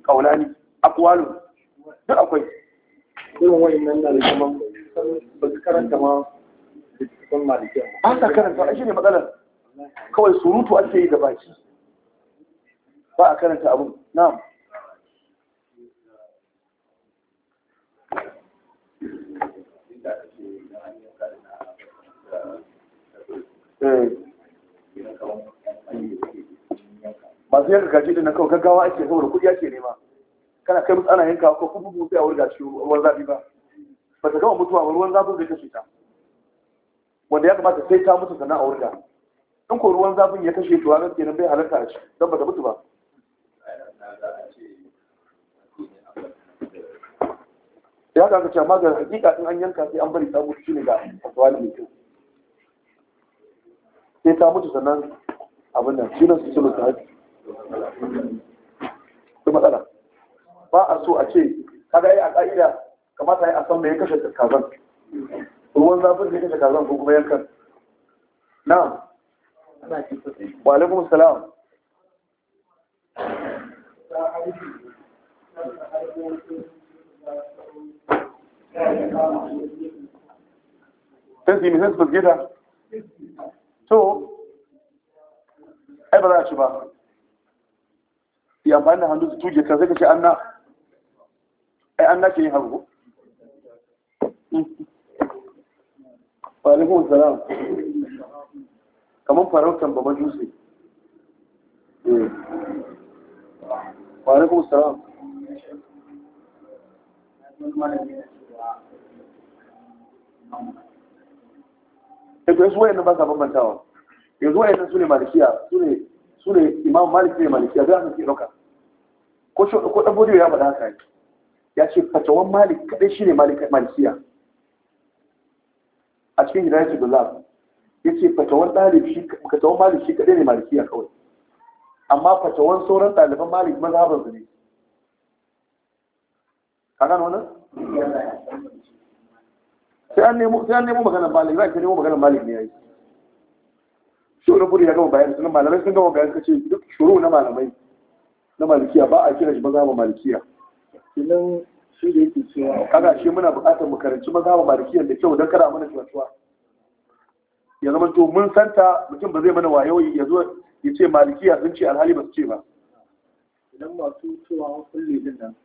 kaulani akwalu duk akwai irin nan da kuma ba su karanta ma cikin malikiya an ta karanta ai shine matsalar kawai surutu ake yi da baki ba a karanta abun na'am Eh. masu yanka gaji da na kawo gaggawa ake saboda kuɗi ake nema kana kai musu ana yanka ko kuma mutu a wurga shi ruwan zafi ba ba ta gama mutuwa ba ruwan zafin zai kashe ta wanda ya kamata sai ta mutu sannan a wurga in ko ruwan zafin ya kashe to ranar kenan bai halarta a ci don ba ta mutu ba ya kaka ka ce amma ga hakika in an yanka sai an bari ta mutu shi ne ga wani mai kyau sai ta mutu sannan abin nan shi ne su sulu ta haji su matsala ba a so a ce kada yi a ƙa'ida kamata yi a san mai kashe kazan ruwan zafin da kashe kazan ko kuma yankan na wa alaikum salam Sai su yi misali su gida to ai ba za a ci ba ya amfani da hannu su tuge kan sai ka ce an na ai an na ke yin hannu alaikun salam kamar farautan ba majusi eh. alaikun salam sai ko su wayannan ba sa bambantawa yanzu wayannan su ne malikiya imam malik ne malikiya za su ke dauka ko ko dan bodiyo ya faɗa haka ya ce fatawan malik kadai shine malik malikiya a cikin hidayatul billah yace fatawan dalib shi fatawan malik shi kadai ne malikiya kawai amma fatawan sauran ɗaliban malik maza ne ka gano wannan sai an nemo sai an nemo maganar malik za ka nemo maganar malik ne yi. shuru buri ya gama bayani sunan malamai sun gama bayan kace duk shuru na malamai na malikiya ba a kira shi mazhabin malikiya idan shi da yake cewa kaga shi muna buƙatar mu karanci mazhabin malikiyan da kyau don kada mana cuwa ya zama to mun santa mutum ba zai mana wayoyi, ya zo ya ce malikiya sun ce alhali ba su ce ba idan masu cewa kulle din nan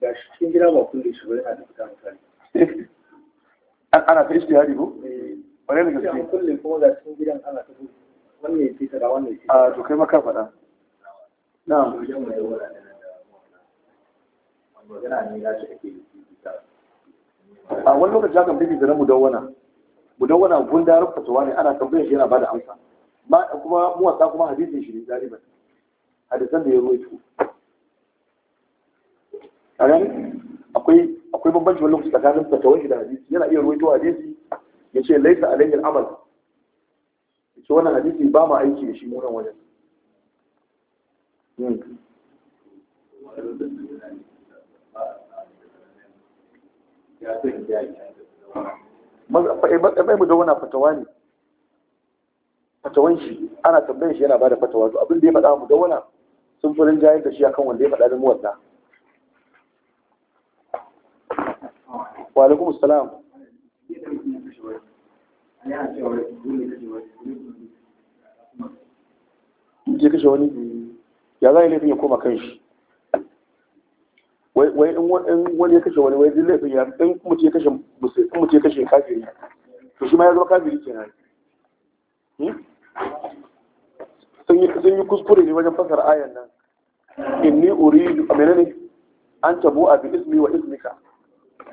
ga shi cikin gida ba kulle shi ba yana da fita misali an ana ta hari ko eh. Wani ne gaske kullum kuma ga cikin gidan ana ta wannan ya fita da wannan ya fita a to kai maka faɗa Na. a wani lokaci akan bibi da na mudawwana mudawwana rufa tuwa ne ana tambayar shi yana bada amsa kuma muwasa kuma hadisin shi ne galiban hadisan da ya ruwaito a akwai akwai bambanci wani lokaci tsakanin fatawar da hadisi yana iya ruwaito hadisi ya ce laisa alayhi al'amal ya ce wannan hadisi ba ma aiki da shi mu nan wajen hmm. mai eh, mu da wani fatawa ne fatawan shi ana tambayar shi yana ba da fatawa to abin da ya faɗa mu da wani sun furin jayar da shi akan wanda ya faɗa da muwadda wa salam ya kashe wani ya za a yi laifin ya koma kan shi wai in wani ya kashe wani wai zai laifin ya in mutu ya kashe ya kashe kafiri to shi ma ya zama kafiri kenan hmm? sun yi kuskure ne wajen fasar ayan nan inni uri a menene an tabo a bi ismi wa ismika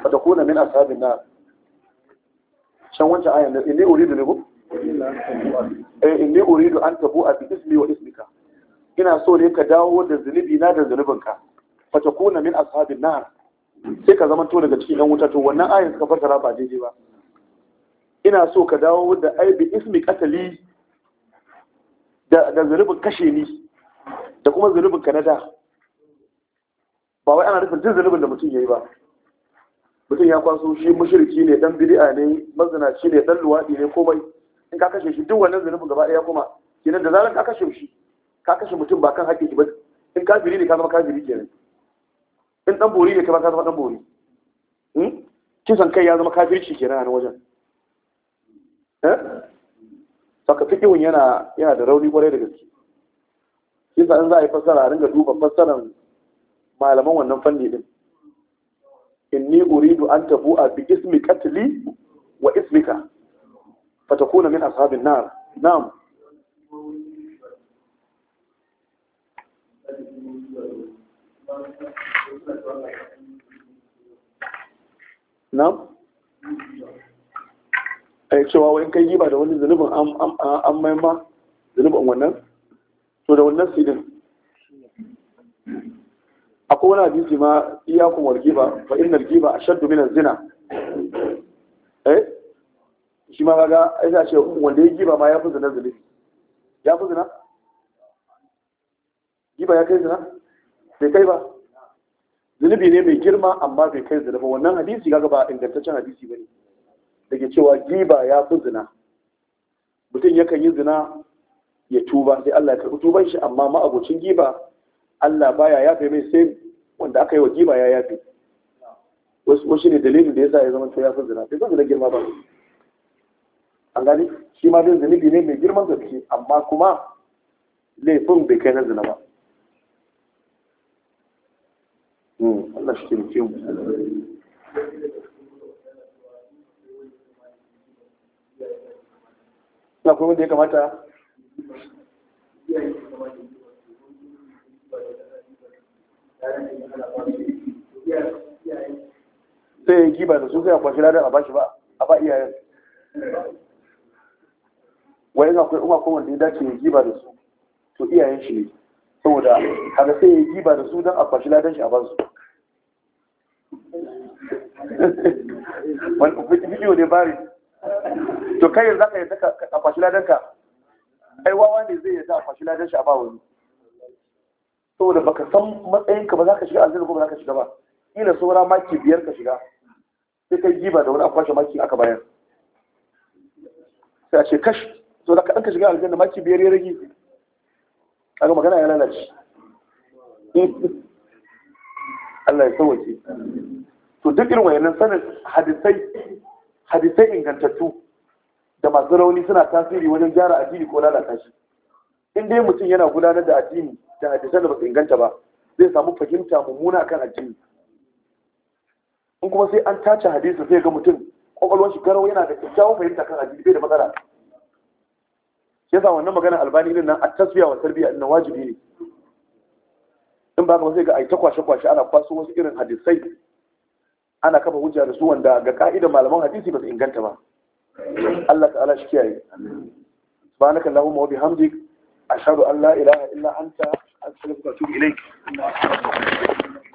فتكون min أصحاب na can wancan ayan da inni uridu ne ko eh inni uridu an tabu a ismi wa ismika ina so ne ka dawo da zunubi na min sai ka zama to daga cikin yan wuta to wannan ayin suka fassara ba daidai ba ina so ka dawo da aibi ismi da zunubin kashe ni da kuma zunubin ka na da ba wai ana rufin duk zunubin da mutum yayi ba mutum ya kwaso shi mashirki ne dan bid'a ne mazinaci ne dan luwadi ne komai in ka kashe shi duk wannan zanubin gaba ɗaya kuma kenan da zaran ka kashe shi ka kashe mutum ba kan haƙƙi ba in kafiri ne ka zama kafiri kenan in dan bori ne ka zama dan bori hmm? kisan kai ya zama kafirci kenan a wajen eh? saka fikihun yana yana da rauni kwarai da gaske kisa in za a yi fassara a ringa duba fassaran malaman wannan fanni din inni uridu an tabu'a bi ismi qatli wa ismika fatakuna min ashabin nar na'am na'am ai eh, cewa wai kai giba da wani zunubin an an mai ma zunubin wannan to da wannan sidin akwai wani hadisi ma iyakun wal giba fa innal giba ashaddu min az-zina eh shi ma kaga ai za ce um, wanda ya giba ma ya fi zina zulubi ya fi zina giba ya kai zina bai kai ba zunubi ne mai girma amma bai kai zina ba wannan hadisi ga ba ingantaccen hadisi bane da ke cewa giba ya fi zina mutum yakan yi zina ya tuba sai Allah ya karɓi tuban shi amma ma'abocin giba Allah baya yafe mai sai wanda aka yi wa ya yafe wasu shi ne dalilin da ya sa ya zama to ya san zina sai san zina girma ba an gani shi ma zai zunubi ne mai girman gaske amma kuma laifin bai kai na zina ba hmm, Allah shi taimake mu na kuma da ya kamata sai ya yi giba da su sai a kwashi ladar a bashi ba a ba iyayen wani akwai umar kuma wanda ya dace ya giba da su to iyayen shi ne saboda haka sai ya yi giba da su don a kwashi shi a basu wani bidiyo ne bari to kai yanzu ka yadda ka kwashi ladar ka ai wawa ne zai yi a kwashi ladar shi a ba wani saboda baka san matsayinka ba za ka shiga aljanna ko ba za ka shiga ba ila saura maki biyar ka shiga sai kai giba da wani akwai kwashe maki aka bayar sai a ce kashi to da kaɗan ka shiga aljanna maki biyar ya rage A ga magana ya lalace Allah ya sauwace to duk irin wayannan sanin hadisai hadisai ingantattu da masu rauni suna tasiri wajen gyara addini ko lalata shi in dai mutum yana gudanar da addini da hadisan da ba su inganta ba zai samu fahimta mummuna kan addini in kuma sai an tace hadisi sai ga mutum kwakwalwar shi garau yana da kyakkyawan fahimta kan hadisi bai da matsala shi yasa wannan magana albani din nan a tasbiya wa tarbiya din wajibi ne in ba ka sai ga ai ta kwashe kwashe ana kwaso wasu irin hadisai ana kafa hujja da su wanda ga ka'idar malaman hadisi ba su inganta ba Allah ta'ala shi kiyaye subhanaka allahumma wa bihamdik ashhadu an la ilaha illa anta astaghfiruka wa atubu